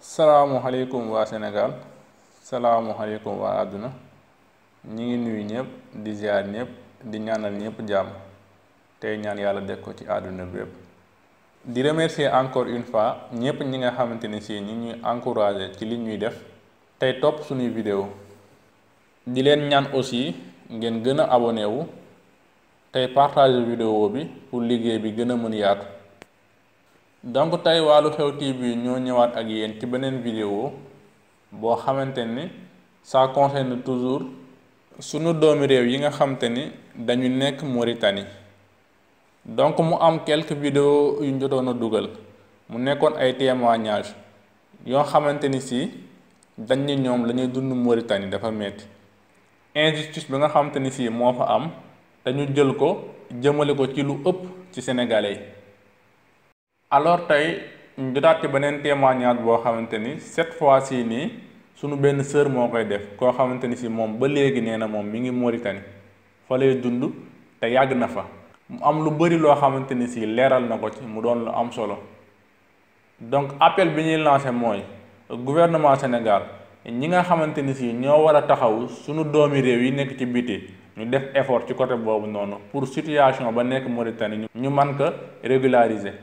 salaamualeykum waa Sénégal salaamualeykum waa àdduna ñi ngi nuyu ñëpp di ziar ñëpp di ñaanal ñëpp jàmm tey ñaan yàlla def ko ci àdduna bépp di remercier encore une fois ñëpp ñi nga xamante ne si ñi ñuy encourager ci li ñuy def tey topp suñuy vidéo di leen ñaan aussi ngeen gën a abonné wu tey partage vidéo bi pour liggéey bi gën a mën yaatu donc tey waa Lu Xew TV ñoo ñëwaat ak yéen ci beneen vidéo boo xamante ni ça concerne toujours sunu doomi réew yi nga xamante ni dañuy nekk Mauritanie donc mu am quelques vidéos yu jotoon a dugal mu nekkoon ay témoignages yoo xamante ni si dañ ni ñoom lañuy dund Mauritanie dafa metti injustice bi nga xamante ni sii moo fa am dañu jël ko jëmale ko ci lu ëpp ci sénégalais alors tey ñu ci beneen témoignage boo xamante ni cette fois ci nii sunu benn sœur moo koy def koo xamante ni si moom ba léegi nee na moom mi ngi Mauritanie fa lay dund te yàgg na fa. mu am lu bëri loo xamante ni si leeral na ko ci mu doon lu am solo donc appel bi ñuy lancé mooy gouvernement Sénégal ñi nga xamante ni si ñoo war a taxaw sunu doomi réew yi nekk ci biti ñu def effort ci côté boobu noonu pour situation ba nekk Mauritanie ñu man ko régulariser.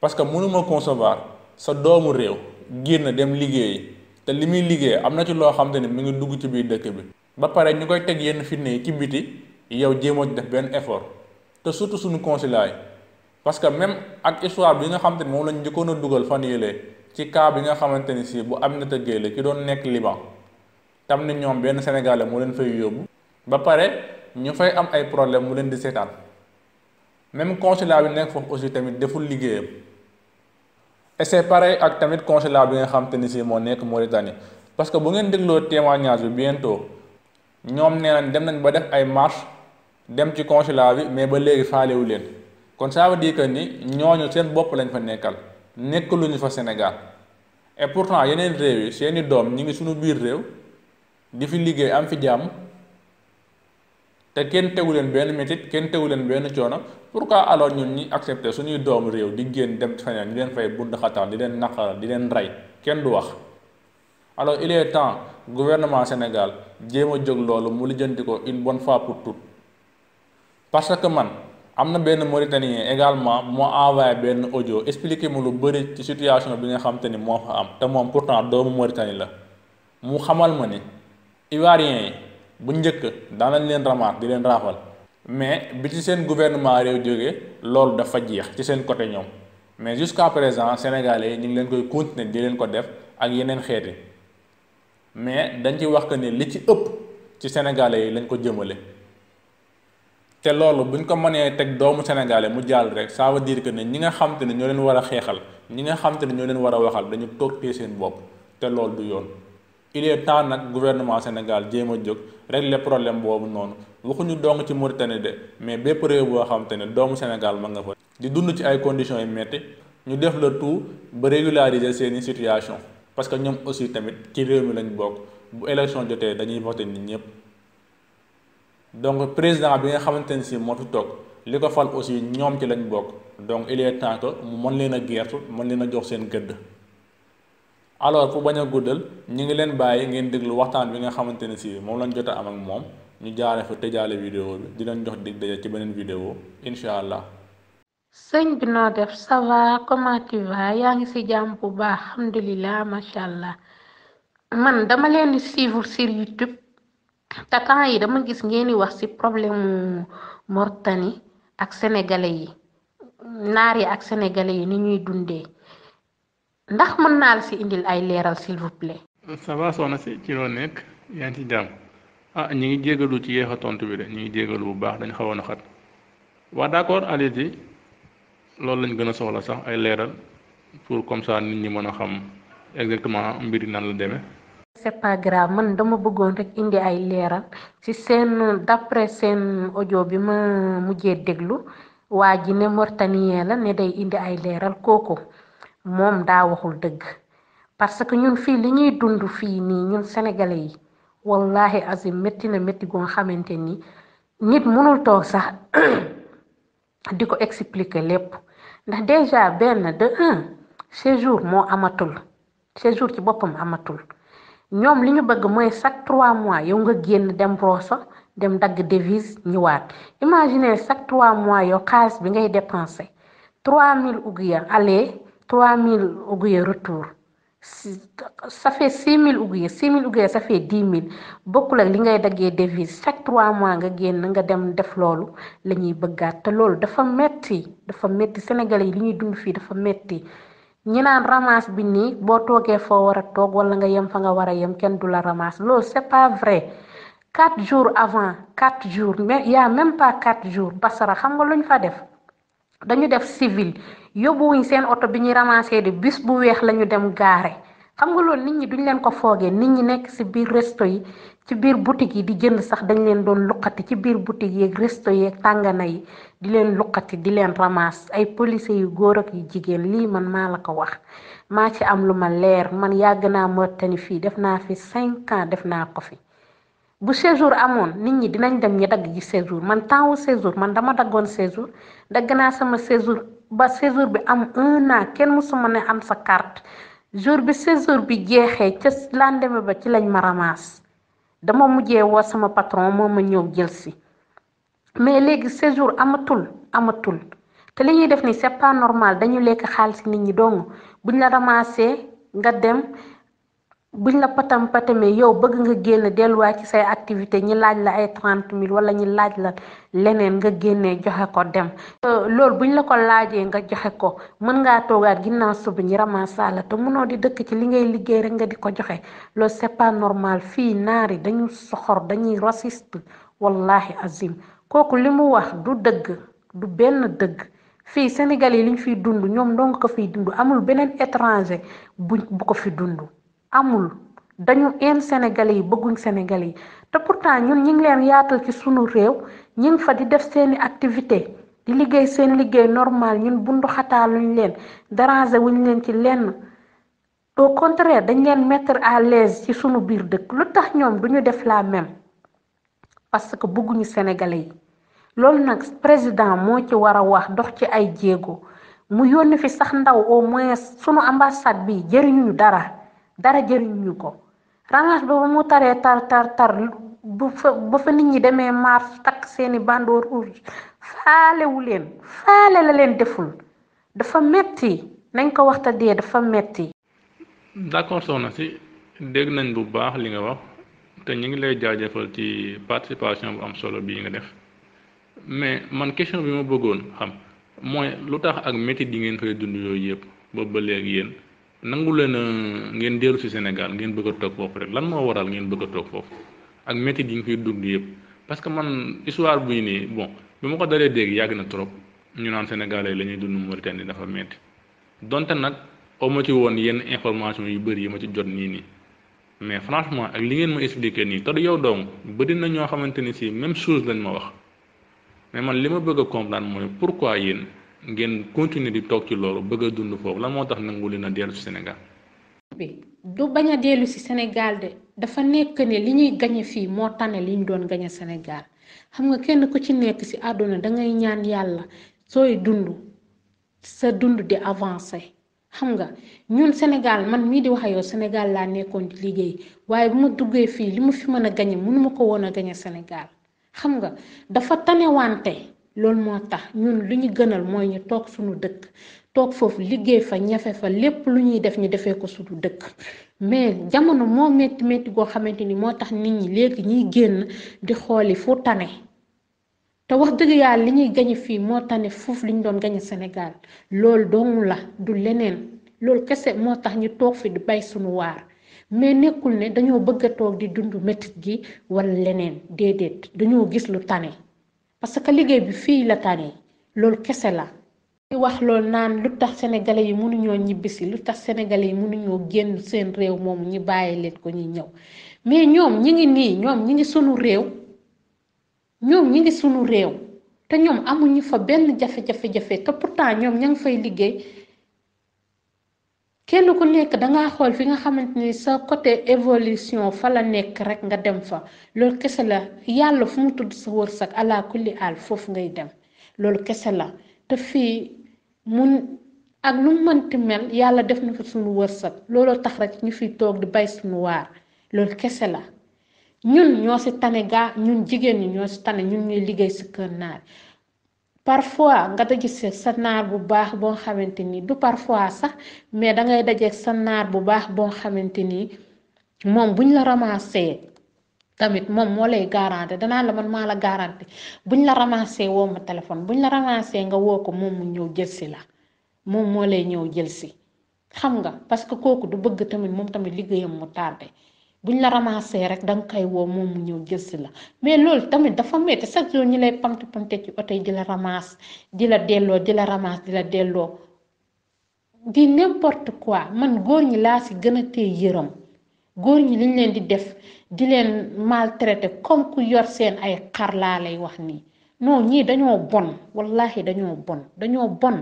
parce que mënuma concevoir sa doomu réew génn dem liggéeyi te li muy liggéey am na ci loo xam te mu ngi dugg ci biir dëkk bi ba pare ñu koy teg yenn fitne yi ci biti yow jéemoo ci def benn effort te surtout suñu consulat yi parce que même ak histoire bi nga xamante ni moom lañ njëkkoon a dugal fan yëlee ci cas bi nga xamante ni si bu Aminata Gueye la ki doon nekk Liban tam ni ñoom benn sénégalais moo leen fay yóbbu ba pare ñu fay am ay problème mu leen di seetaan même consulat bi nekk foofu aussi tamit deful liggéeyam et c'est ak tamit consulat bi nga xam te ni si moo nekk Mauritanie parce que bu ngeen dégloo témoignage bi bientôt ñoom nee dem nañ ba def ay marche dem ci consulat bi mais ba léegi faalewu leen kon ça veut que ni ñooñu seen bopp lañ fa nekkal nekk lu ñu fa Sénégal et pourtant yeneen réew yi seeni doom ñi ngi suñu biir réew di fi liggéey am fi jàmm te kenn tegu benn métit kenn tegu leen benn coono pourquoi alors ñun ñi accepter suñuy doomu réew di génn dem feneen di leen fay bund xataan di leen naqaral di leen rey kenn du wax alors il est temps gouvernement Sénégal jéem a jóg loolu mu lijjanti ko une bonne fois pour toutes parce que man am na benn Mauritanien également moo envoyé benn audio expliqué mu lu bëri ci situation bi nga xam ni moo fa am te moom pour pourtant doomu Mauritanie la mu xamal ma ni yi bu njëkk daanañ leen ramaat di leen raafal mais bi ci seen gouvernement réew jóge loolu dafa jeex ci seen côté ñoom mais jusqu'à présent sénégalais yi ñu ngi leen koy continuer di leen ko def ak yeneen xeeti mais dañ ci wax que ni li ci ëpp ci sénégalais yi lañ ko jëmale te loolu buñ ko mënee teg doomu sénégalais mu jàll rek ça veut dire que ne ñi nga xam te ne ñoo leen war a xeexal ñi nga xam te ñoo leen war a waxal dañu toog tee seen bopp te loolu du yoon il temps nag gouvernement Sénégal jéem a jóg le problème boobu noonu waxuñu dong ci Mauritanie de mais bépp réew boo xam ne doomu Sénégal ma nga di dund ci ay conditions yu métti ñu def le tout ba régulariser seeni situation parce que ñoom aussi tamit ci réew mi lañ bokk bu élection jotee dañuy voté nit ñëpp donc président bi nga xamante ne si moo fi toog li ko fal aussi ñoom ci lañu bokk donc il est mu mën leen a gertu mën leen a jox seen gëdd alors pour bañ a guddal ñu ngi leen bàyyi ngeen déglu waxtaan bi nga xamante ne si moom lañ jot a am ak moom ñu jaare fa tëjaale vidéo bi di leen jox dig daje ci beneen vidéo incha allah. sëñ bi noo def ça va comment tu yaa ngi si jàmm bu baax alhamdulilah macha allah man dama leen di suivre sur YouTube te yi dama gis ngeen di wax si problème mu Mauritanie ak sénégalais yi naar yi ak sénégalais yi ni ñuy dundee. ndax mën naa la si indil ay leeral s'il vous plaît. ça si ci loo nekk yaa ngi ci jàmm ah ñu ngi jégalu ci yéex a tontu bi de ñu ngi jégalu bu baax dañ xawoon a xat waa d'accord allez-y loolu lañ gën a soxla sax ay leeral pour comme ça nit ñi mën a xam exactement mbir yi nan la demee. c'est pas man dama bëggoon rek indi ay leeral ci seen d'après seen audio bi ma mujjee déglu waa ji ne Mauritanien la ne day indi ay leeral kooku. moom daa waxul dëgg parce que ñun fii li ñuy dund fii nii ñun sénégalais yi wallahi azim métti na métti goo xamante ni nit mënul toog sax di ko expliquer lépp ndax déjà benn de un séjour moo amatul séjour ci boppam amatul ñoom li ñu bëgg mooy chaque trois mois yow nga génn dem Rosso dem dagg devise ñëwaat imagine chaque trois mois yow xaalis bi ngay dépensé trois mille ouguiya aller 3000 ouvriers retour ça fait 6000 ouvriers 6000 ouvriers ça fait 10 000 bokkul ak li ngay daggee devise chaque trois mois nga génn nga dem def loolu la ñuy bëggaat te loolu dafa metti dafa metti Sénégalais yi li ñuy dund fii dafa metti ñi naan ramasse bi nii boo toogee foo war a toog wala nga yem fa nga war a yem kenn du la ramasse loolu c'est pas vrai quatre jours avant quatre jours mais y même pas quatre jours Basra xam nga luñ fa def dañu def civil yóbbuwuñ seen oto bi ñuy ramassé de bus bu weex lañu dem gaare xam nga lool nit ñi duñ leen ko foogee nit ñi nekk ci biir resto yi ci biir boutique yi di jënd sax dañ leen doon luqati ci biir boutique yeeg resto yeeg tàngana yi di leen luqati di leen ramasse ay policiers yu góor ak yu jigéen lii man maa la ko wax maa ci am lu ma leer man yàgg naa Mauritanie fii def naa fi cinq ans def naa ko fi bu séjour amoon nit ñi dinañ dem ñi dagg ji séjour man temps wu séjour man dama daggoon séjour dagg naa sama séjour ba séjour bi am un an kenn musuma ne am sa carte jour bi séjour bi jeexee ca lendemain ba ci lañ ma ramaas dama mujje woo sama patron moom ma ñëw jël si mais léegi séjour amatul amatul te li ñuy def ni c'est pas normal dañu lekk xaalis nit ñi dong buñ la ramaasee nga dem. buñ la patam patamee yow bëgg nga génn delluwaat ci say activité ñi laaj la ay trente mille wala ñi laaj la leneen nga génne joxe ko dem euh, loolu buñ la ko laajee nga joxe ko mën ngaa toogaat ginnaaw suba ñi ramasala te mënoo di dëkk ci li ngay liggéey rek nga di ko joxe loolu c'est normal fii naari dañu soxor dañuy raciste wallahi azim kooku li mu wax du dëgg du benn dëgg fii Sénégal yi liñ fiy dund ñoom dong ko fiy dund amul beneen étranger bu bu ko fi dund amul dañu een sénégalais yi bëgguñ sénégalais yi te pourtant ñun ñi ngi yaatal ci sunu réew ñi fa di def seeni activité di liggéey seen liggéey normal ñun bundu xataaluñ leen déranger wuñ leen ci lenn au contraire dañ leen mettre à l'aise ci sunu biir dëkk lu tax ñoom ñu def la même parce que bëgguñu sénégalais yi loolu nag président moo ci war a wax ndox ci ay jéego mu yónni fi sax ndaw au moins sunu ambassade bi jëriñuñu dara dara jëriñu ko ramage ba mu taree tar tar tar bu fa ba fa nit ñi demee mars takk seeni bandoor rouge faalewu leen faale la leen deful dafa metti nañ ko waxta dee dafa metti d'accord soxna si dégg nañ bu baax li nga wax te ñu ngi lay jaajëfal ci participation bu am solo bii nga def mais man question bi ma bëggoon xam mooy lu tax ak métti di ngeen fay dund yooyu yëpp boobu ba léegi yéen nangu leen ngeen dellu si Sénégal ngeen bëgg a toog foofu rek lan moo waral ngeen bëgg a toog foofu ak métti yi nga koy dund yëpp parce que man histoire buy nii bon bi ma ko dalee dégg yàgg na trop ñu naan Sénégalais la ñuy dund Mauritanie dafa métti donte nag oo ma ci woon yenn information yu bëri yi ma ci jot nii nii mais franchement ak li ngeen ma expliqué nii te yow dong bëri na ñoo xamante ni si même chose lañ ma wax mais man li ma bëgg a comprendre mooy pourquoi yéen. ngeen continuer di toog ci loolu bëgg a dund foofu lan moo tax nangu leen a dellu si Sénégal. du bañ a dellu si Sénégal de dafa nekk ne li ñuy gañe fii moo tane li ñu doon gañe Sénégal xam nga kenn ku ci nekk si àdduna dangay ñaan yàlla sooy dund sa dund di avancer. xam nga ñun Sénégal man mii di wax yow Sénégal laa nekkoon di liggéey waaye bu ma duggee fii li mu fi mën a gañe mënuma ko woon a gañe Sénégal xam nga dafa tanewante loolu moo tax ñun lu ñu gënal mooy ñu toog suñu dëkk toog foofu liggéey fa ñafe fa lépp lu ñuy def ñu defee ko suñu dëkk mais jamono moo métti métti goo xamante ni moo tax nit ñi léegi ñuy génn di xooli fu tane te wax dëgg yàlla li ñuy gañe fii moo tane foofu li ñu doon gañe Sénégal loolu doomu la du leneen loolu kese moo tax ñu toog fi du bay suñu waar mais nekkul ne dañoo bëgg a toog di dund métit gi wala leneen déedéet dañoo gis lu tane parce que liggéey bi fii la tane loolu kese la di wax loolu naan lu tax sénégalais yi mënuñoo ñibbisi lu tax sénégalais yi mënuñoo génn seen réew moomu ñi bàyyi leen ko ñi ñëw mais ñoom ñi ngi nii ñoom ñi ngi sunu réew ñoom ñi ngi sunu réew te ñoom amuñu fa benn jafe-jafe-jafe te pourtant ñoom ña ngi fay liggéey kenn ko nekk dangaa xool fi nga xamante ni sa côté évolution fa la nekk rek nga dem fa loolu kese la yàlla fu mu tudd sa wërsëg ala kulli aal foofu ngay dem loolu kese la te fii mun ak lu mu mënti mel yàlla def na fa suñu wërsëg looloo tax rek ñu fi toog di bay suñu waar loolu kese la ñun ñoo ci tane gaa ñun jigéen ñi ñoo ci tane ñun ñuy liggéey ci kër naar parfois nga gis sa naar bu baax boo xamante ni du parfois sax mais dangay daje sa naar bu baax boo xamante ni moom buñ la ramasser tamit moom moo lay garanti danaa la man maa la garanti buñ la ramasser woo ma téléphone buñ la ramasser nga woo ko moom mu ñëw jël si la moom moo lay ñëw jël si xam nga parce que kooku du bëgg tamit moom tamit liggéeyam mu tardé. bu ñu la ramassé rek da nga woo moom mu ñëw jël la mais loolu tamit dafa métti chaque jour ñi lay pamte pamte ci oto yi di la ramasse di la delloo di la ramasse di la delloo di n'importe quoi man góor ñi laa si gën a téye yërëm góor ñi liñ leen di def di leen maltraité comme ku yor seen ay xar laa lay wax nii non ñii dañoo bon wallahi dañoo bon dañoo bon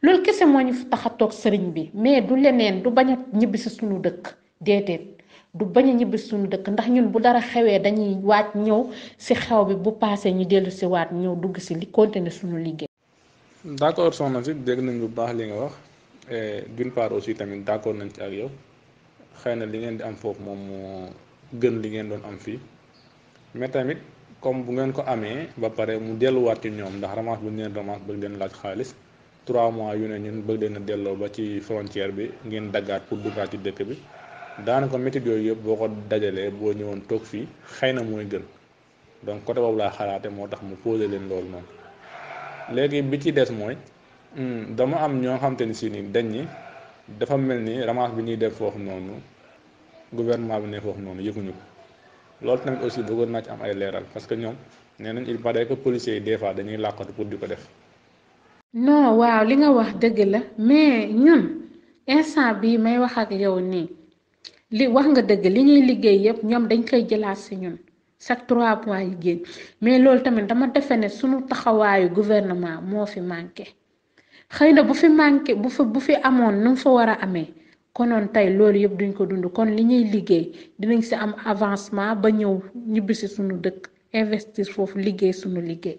loolu kese moo ñu fi sëriñ bi mais du leneen du bañ a ñibbi si suñu dëkk déedéet. du bañ ñibbis suñu dëkk ndax ñun bu dara xewee dañuy waaj ñëw si xew bi bu paasee ñu dellu si waat ñëw dugg si li continuer suñu liggéey. d'accord soxna si dégg nañ bu baax li nga wax d'une part aussi tamit d'accord nañ ci ak yow xëy na li ngeen di am foofu moom moo gën li ngeen doon am fii mais comme bu ngeen ko amee ba pare mu delluwaat ci ñoom ndax remanche bu ñu leen remanche bëgg leen laaj xaalis trois mois yu ne ñun bëgg leen a delloo ba ci frontière bi ngeen daggaat pour duggaat ci dëkk bi. daanaka méthode yooyu yëpp boo ko dajalee boo ñëwoon toog fii xëy na mooy gën donc côté boobu laa xalaate moo tax mu posé leen loolu noonu léegi bi ci des mooy hmm, dama am ñoo xamante ni si ni dañ ni dafa mel ni ramasse bi ñuy def foofu noonu gouvernement bi ne foofu noonu yëppuñu ko loolu tamit aussi bëggoon naa ci am ay leeral parce que ñoom nee nañ il paraît que policiers yi des fois dañuy làqatu pour di ko def. non waaw li nga wax dëgg la mais ñun instant bii li wax nga dëgg li ñuy liggéey yëpp ñoom dañ koy jëlaat si ñun chaque trois mois yi génn mais loolu tamit dama defe ne suñu taxawaayu gouvernement moo fi manqué xëy na bu fi manqué bu fi bu fi amoon nu mu fa war a amee konoon tey loolu yëpp duñ ko dund kon li ñuy liggéey dinañ si am avancement ba ñëw ñibbisi suñu dëkk investir foofu liggéey suñu liggéey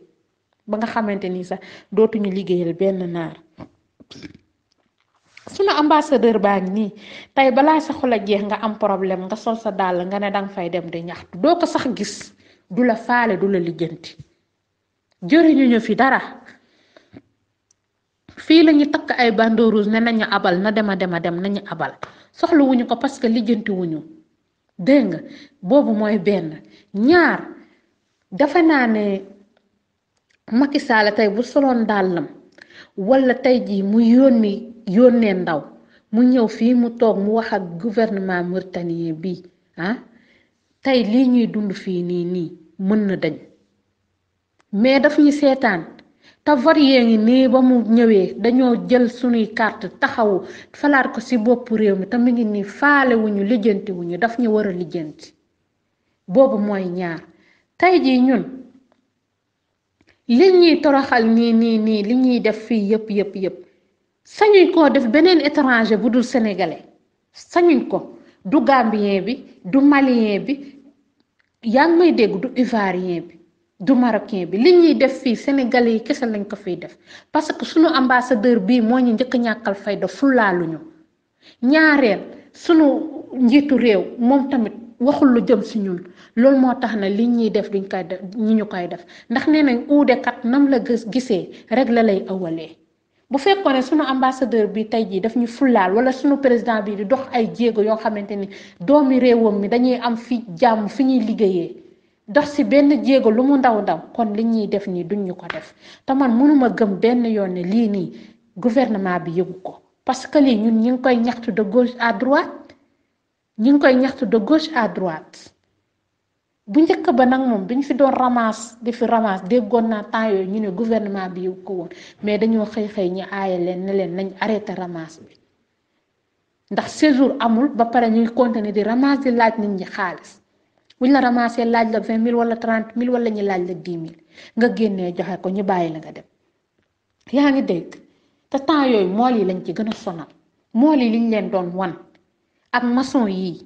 ba nga xamante ni sax dootuñu liggéeyal benn naar sunu ambassadeur baa ngi nii tey balaa sa a jeex nga am problème nga sol sa dàll nga ne danga fay dem di ñaxtu doo ko sax gis du la faale du la lijjanti jëriñu ñu fi dara fii la takk ay bandeau rouge ne nañu abal na dema dema dem nañu abal soxla ko parce que lijjanti wuñu nga boobu mooy benn ñaar dafa naa ne Macky tey bu soloon dàllam wala tey jii mu mi yónnee ndaw mu ñëw fii mu toog mu wax ak gouvernement mauritanien bi ah tey lii ñuy dund fii nii nii mën na deñ mais daf ñu seetaan te varié ngi nii ba mu ñëwee dañoo jël suñuy carte taxawu falaat ko ci boppu réew mi te mu ngi nii faale wuñu lijjanti wuñu daf ñu war a lijjanti boobu mooy ñaar tey jii ñun li ñuy toroxal nii nii nii li ñuy def fii yëpp yëpp yëpp sañuñ koo def beneen étranger bu dul sénégalais sañuñ ko du gambien bi du malien bi yaa ngi may dégg du ivoirien bi du marocain bi li ñuy def fii sénégalais yi kese lañ ko fiy def parce que sunu ambassadeur bii moo ñu njëkk ñàkkal fayda fulaaluñu ñaareel sunu njiitu réew moom tamit waxul lu jëm si ñun loolu moo tax na li ñuy def duñ koy ñu koy def ndax nee nañ kat nam la gis gisee rek la lay awalee bu fekkoon ne sunu ambassadeur bi tey jii daf ñu fulaal wala suñu président bi di dox ay jéego yoo xamante ni doomi réewam mi dañuy am fi jàmm fi ñuy liggéeyee dox si benn jéego lu mu ndaw ndaw kon li ñuy def nii duñ ñu ko def te man mënuma gëm benn yoon ne lii nii gouvernement bi yëgu ko parce que lii ñun ñu ngi koy ñaxtu de gauche à droite ñu ngi koy ñaxtu de gauche à droite bu njëkk ba nag moom dañu fi doon ramasse di fi ramasse déggoon naa temps yooyu ñu ne gouvernement bi yëg ko woon mais dañoo xëy xëy ñi aaye leen ne leen nañ arrêté ramasse bi ndax séjour amul ba pare ñuy continuer di ramasse di laaj nit ñi xaalis buñ la ramassé laaj la vingt mille wala trente mille wala ñu laaj la dix nga génnee joxe ko ñu bàyyi la nga dem yaa ngi dégg te temps yooyu mool yi lañ ci gën a sonal mool yi liñ leen doon wan ak mason yii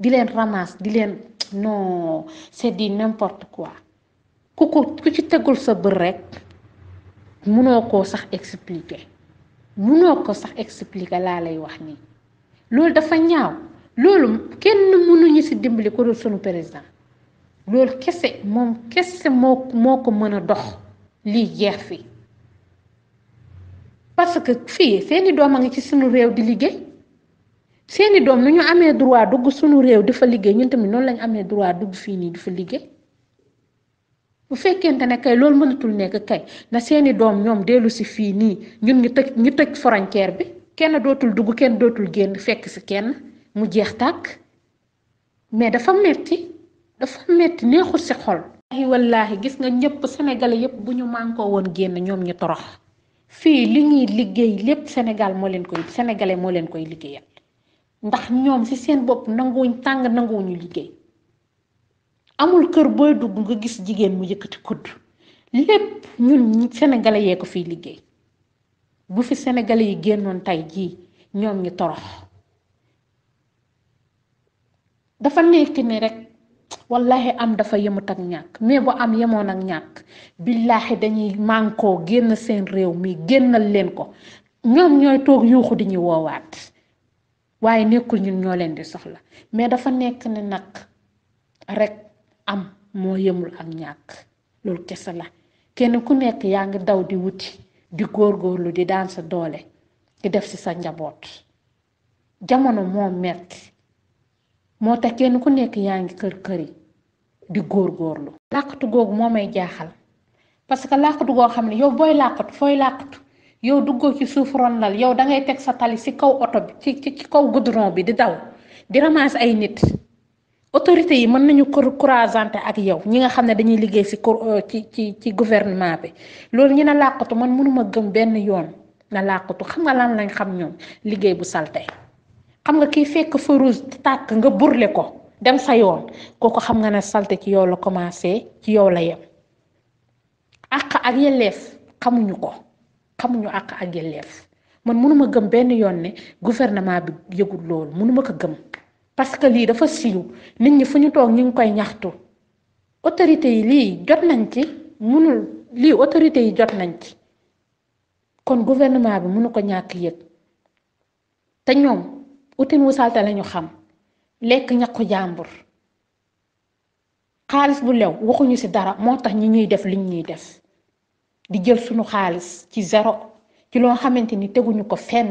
di leen ramasse di leen. non c'est di n'importe quoi ku ko ku ci tegul sa bër rek munoo koo sax expliquer munoo ko sax expliquer laa lay wax nii loolu dafa ñaaw loolu kenn mënuñu ci dimbali ko dul sunu président loolu kese moom kese moo moo ko mën a dox lii jeex fi parce que fii seeni doom a ngi ci sunu réew di liggéey seeni doom nu ñu amee droit dugg suñu réew dafa liggéey ñun tamit noonu lañu amee droit dugg fii nii di fa liggéey bu fekkente ne kay loolu mënatul nekk kay na seeni doom ñoom dellu si fii nii ñun ñu tëj ñu tëj frontière bi kenn dootul dugg kenn dootul génn fekk si kenn mu jeex tàkk mais dafa metti dafa metti neexul si xol wallaahi gis nga ñëpp sénégalais yëpp bu ñu mànkoo woon génn ñoom ñu torox fii li ñuy liggéey lépp sénégal moo leen ko sénégalais moo leen koy liggéeyal ndax ñoom ci seen bopp nanguwuñ tàng ñu liggéey amul kër booy dugg nga gis jigéen mu yëkkati kudd lépp ñun sénégalais yee ko fiy liggéey bu fi sénégalais yi génnoon tey jii ñoom ñi torox dafa nekk ni rek wallahi am dafa yemut ak ñàkk mais bu am yemoon ak ñàkk billaahi dañuy mànkoo génn seen réew mi génnal leen ko ñoom ñooy toog yuuxu di ñu woowaat waaye nekkul ñun ñoo leen di soxla mais dafa nekk ne nag rekk am moo yemul ak ñàkk loolu kese la kenn ku nekk yaa ngi daw di wuti di góor góorlu di daan sa doole di def ci sa njaboot jamono moo metti moo tax kenn ku nekk yaa ngi kër kër yi di góor góorlu làqatu googu moo may jaaxal parce que làqatu goo xam ne yow booy làqatu fooy làqatu yow duggoo ci suuf ron lal yow da ngay teg sa tali ci kaw oto bi ci ci kaw goudron bi di daw di ramasse ay nit autorité yi mën nañu croisanté ak yow ñi nga xam ne dañuy liggéey ci euh, ci ci ci gouvernement bi loolu ñu ne làqatu man mënuma gëm benn yoon na làqatu xam nga lan lañ xam ñoom liggéey bu salte xam nga kiy fekk feu rouge tàkk nga burle ko dem sa yoon kooku xam nga ne salte ci yow la commencé ci yow la yem àq ak yelleef xamuñu ko xamuñu àq ak yelleef man mënuma gëm benn yoon ne gouvernement bi yëgul loolu mënuma ko gëm parce que lii dafa siiw nit ñi fu ñu toog ñu ngi koy ñaxtu autorité yi lii jot nañ ci mënul lii autorité yi jot nañ ci kon gouvernement bi mënu ko ñàkk yëg te ñoom utin wu salte lañu xam lekk ñaqu jàmbur xaalis bu lew waxuñu ci dara moo tax ñi ñuy def liñ ñuy def di jël suñu xaalis ci zéro ci loo xamante ni teguñu ko fenn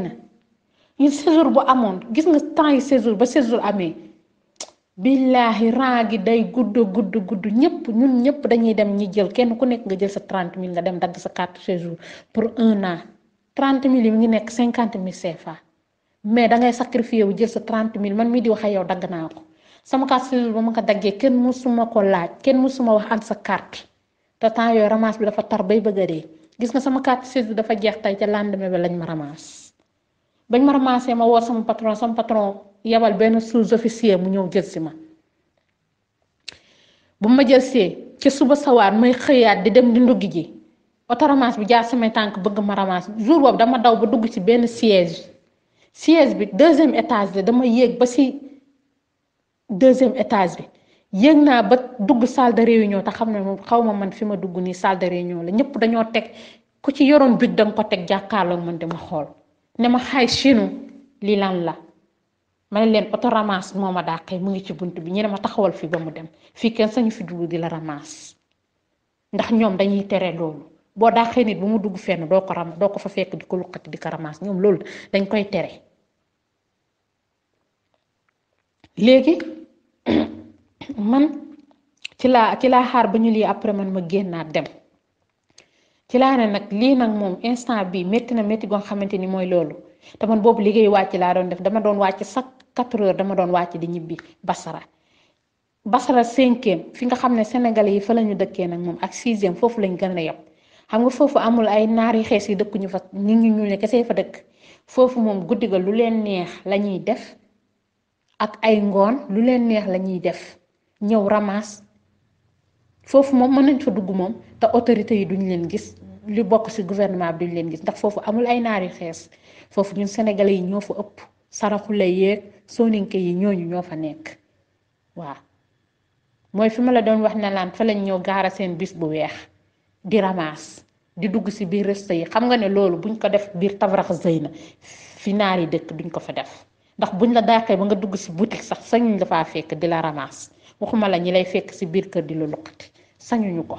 ñun séjour bu amoon gis nga temps yi séjour ba séjour amee billaahi ran gi day gudd gudd gudd ñëpp ñun ñëpp dañuy dem ñi jël kenn ku nekk nga jël sa trente mille nga dem dagg sa carte séjour pour un an trente mille yi mu ngi nekk cinquante mille CFA mais dangay ngay sacrifié wu jël sa trente mille man mii di wax ak yow dagg naa ko sama carte séjour ba ma ko daggee kenn mësuma ko laaj kenn mësuma wax ak sa carte. te temps yooyu ramas bi dafa tar bay bëgg a dee gis nga sama carte seize bi dafa jeex tey ca lendemain bi lañ ma ramas bañ ma ramasee ma woor sama patron sama patron yebal benn sous-officier mu ñëw jël si ma bu ma jël see ca suba sawaar may xëyaat di dem di nduggi ji oto ramas bi jaar samay tànk bëgg ma ramas jour boobu dama daw ba dugg ci benn siège siège bi deuxième étage la dama yéeg ba ci deuxième étage bi yëg naa ba dugg salle de réunion te xam ne moom xaw ma man fi ma dugg nii salle ñoo la ñëpp dañoo teg ku ci yoroon bic da ko teg jàkkaarloog man dama xool ne ma xaay chinu la ma ne leen oto ramas moo ma dàqee mu ngi ci bunt bi ñu ne ma taxawal fi ba dem fii kenn sañu fi dugg di la ramas ndax ñoom dañuy tere loolu boo dàqee nit bu mu dugg fenn doo ko ram doo ko fa fekk di ko luqati di ko ramas ñoom loolu dañ koy tere léegi. man ci laa ci laa xaar ba ñu lii après man ma génnaat dem ci laa ne nag lii nag moom instant bi métti na métti goo xamante ni mooy loolu te man boobu liggéey wàcc laa doon def dama doon wàcc chaque quatre heures dama doon wàcc di ñibbi Basara Basara cinquième fi nga xam ne sénégalais yi fa lañu dëkkee nag moom ak sixième foofu lañ gën a yab xam nga foofu amul ay naar naari xees yi dëkkuñu fa ñu ngi ne kese fa dëkk foofu moom guddi ga lu leen neex la ñuy def ak ay ngoon lu leen neex la def ñëw ramaas foofu moom mën nañ fa dugg moom te autorité yi duñ leen gis li bokk ci gouvernement bi duñ leen gis ndax foofu amul ay naar yu xees foofu ñun sénégalais yi ñoo fa ëpp saraxule yeeg soninke yi ñooñu ñoo fa nekk waaw mooy fi ma la doon wax ne laan fa lañ ñëw gaara seen bis bu weex di ramaas di dugg ci biir reste yi xam nga ne loolu buñ ko def biir tavrax zëy na fi naar yi dëkk duñ ko fa def ndax buñ la dàqee ba nga dugg ci boutique sax sañuñ la faa fekk di la ramaas waxuma la ñi lay fekk ci biir kër di la luqati sañuñu ko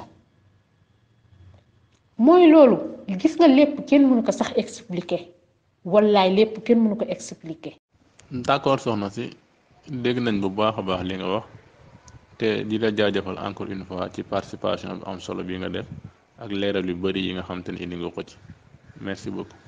mooy loolu gis nga lépp kenn mënu ko sax expliquer wallaay lépp kenn mënu ko expliquer. d'accord soxna si dégg nañ bu baax a baax li nga wax te di la jaajëfal encore une fois ci participation bi am solo bi nga def ak leeral yu bari yi nga xam te ne indi nga ko ci merci beaucoup.